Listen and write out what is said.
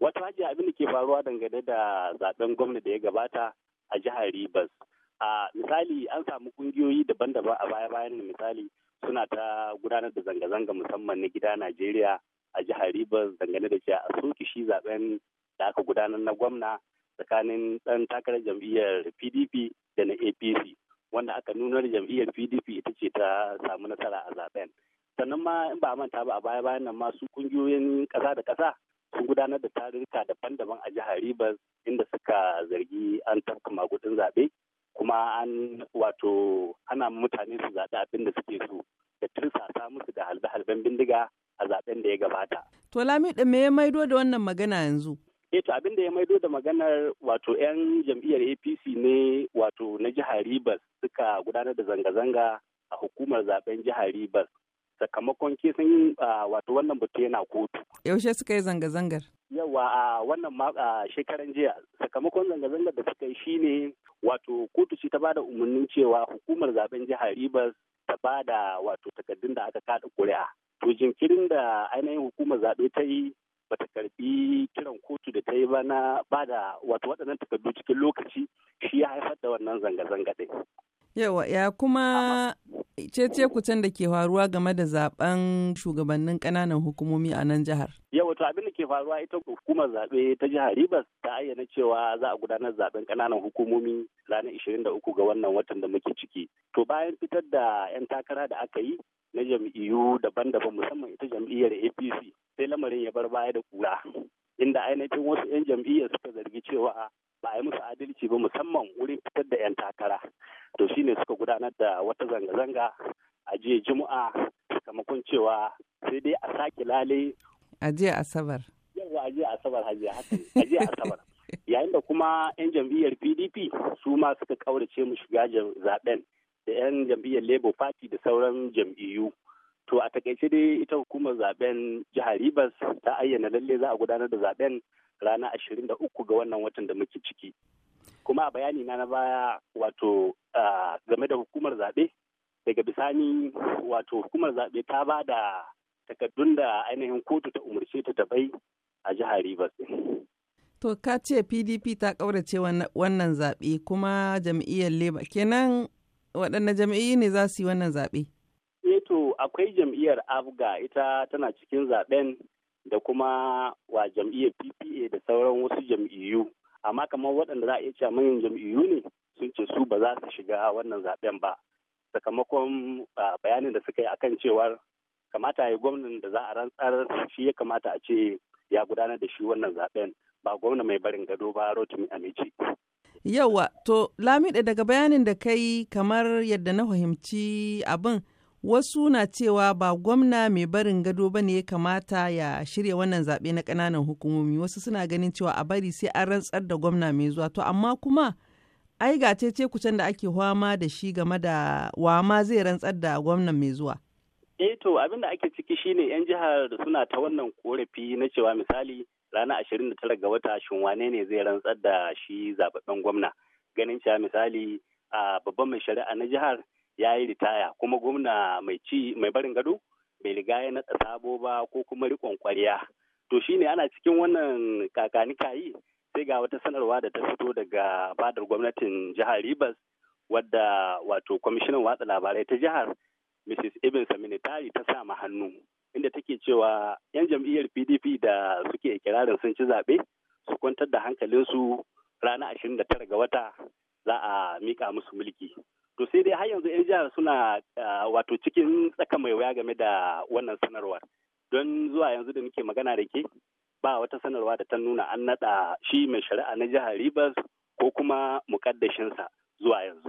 Wata hajji abin da ke faruwa dangane da zaben gwamna da ya gabata a jihar Ribas. A misali an samu kungiyoyi daban-daban a baya-bayan da misali suna ta gudanar da zanga-zanga musamman na gida Najeriya a jihar Rivers dangane da cewa a soke shi zaben da aka gudanar na gwamna tsakanin ɗan takarar jam'iyyar PDP da na APC wanda aka nunar jam'iyyar PDP ita ce ta samu nasara a zaben. Sannan ma in ba manta ba a baya-bayan nan ma su kungiyoyin ƙasa da ƙasa sun gudanar da tarurruka daban-daban a jihar Ribas inda suka zargi an tafka magudin zaɓe kuma an wato ana mutane su zaɓi abin da suke so da tursasa musu da halbe-halben bindiga a zaɓen da ya gabata. To Lamiɗin me ya maido da wannan magana yanzu? Eh to abin da ya maido da maganar wato 'yan jam'iyyar APC ne wato na jihar Rivers suka gudanar da zanga-zanga a hukumar zaɓen jihar Ribas. sakamakon kesan wato wannan batu yana kotu. Yaushe suka yi zanga-zangar? Yawa a wannan shekaran jiya sakamakon zanga-zangar da suka yi shine wato kotu ce ta ba da umarnin cewa hukumar zaben jihar Rivers ta ba da wato takardun da aka kada kuri'a. To jinkirin da ainihin hukumar zaɓe ta yi bata karbi kiran kotu da ta yi ba na ba da wato waɗannan takardu cikin lokaci shi ya haifar da wannan zanga-zanga ɗin. Yawa ya kuma cece kucen da ke faruwa game da zaben shugabannin kananan hukumomi a nan jihar. Yau to abin da ke faruwa ita hukumar zaɓe ta jihar Ribas ta ayyana cewa za a gudanar zaben kananan hukumomi ranar 23 ga wannan watan da muke ciki. To bayan fitar da 'yan takara da aka yi na jam'iyyu daban-daban musamman ita jam'iyyar APC sai lamarin ya bar baya da kura. Inda ainihin wasu 'yan jam'iyyar suka zargi cewa ba a yi musu adalci ba musamman wurin fitar da 'yan takara. to ne suka gudanar da wata zanga-zanga a jiya juma'a sakamakon cewa sai dai a sake lale a jiya asabar yawa a jiya asabar hajiya a jiya asabar yayin da kuma 'yan jam'iyyar pdp su ma suka kaurace mu shiga zaben da 'yan jam'iyyar labour party da sauran jam'iyyu to a takaice dai ita hukumar zaben jihar ribas ta ayyana lalle za a gudanar da zaben ranar 23 ga wannan watan da muke ciki kuma a bayani na na baya wato game da hukumar zaɓe daga bisani wato hukumar zaɓe ta ba da takaddun da ainihin kotu ta umarce ta tabai a jihar Rivers. To ka ce PDP ta ƙaurace wannan zaɓe kuma jam'iyyar Labour kenan waɗanne jam'iyyu ne za su yi wannan zaɓe? e to akwai jam'iyyar afga ita tana cikin zaɓen da kuma wa jam'iyyar PPA da sauran wasu jam'iyyu amma kamar waɗanda za a iya cewa manyan jam'iyyu ne sun ce su ba za su shiga wannan zaben ba sakamakon bayanin da suka yi akan cewar kamata ya yi gwamnan da za a rantsar shi ya kamata a ce ya gudanar da shi wannan zaben ba gwamna mai barin gado ba rotimi amici yawa to lamiɗe daga bayanin da kai kamar yadda na fahimci abin Wasu na cewa ba gwamna mai barin gado ba ne ya kamata ya shirya wannan zaɓe na ƙananan hukumomi, wasu suna ganin cewa a bari sai an rantsar da gwamna mai zuwa. To amma kuma ai ga ce kucen da ake hwama da shi game da wama zai rantsar da gwamnan mai zuwa. Eh to abin da ake ciki shine 'yan jihar suna ta wannan korafi na cewa misali ranar ashirin da tara ga wata shin wane ne zai rantsar da shi zababben gwamna ganin cewa misali a babban mai shari'a na jihar ya yi ritaya kuma gwamna mai ci mai barin gado bai riga ya naɗa sabo ba ko kuma rikon kwarya to shine ana cikin wannan kakani kayi sai ga wata sanarwa da ta fito daga fadar gwamnatin jihar ribas wadda wato kwamishinan watsa labarai ta jihar Mrs. Ibn Saminitari ta sa ma hannu inda take cewa 'yan jam'iyyar PDP da suke kirarin sun ci zaɓe su kwantar da hankalinsu ranar 29 ga wata za a mika musu mulki. to sai dai har yanzu 'yan jihar suna wato cikin tsaka mai waya game da wannan sanarwar don zuwa yanzu da muke magana da ke ba wata sanarwa da ta nuna an naɗa shi mai shari'a na jihar ribas ko kuma mukaddashinsa zuwa yanzu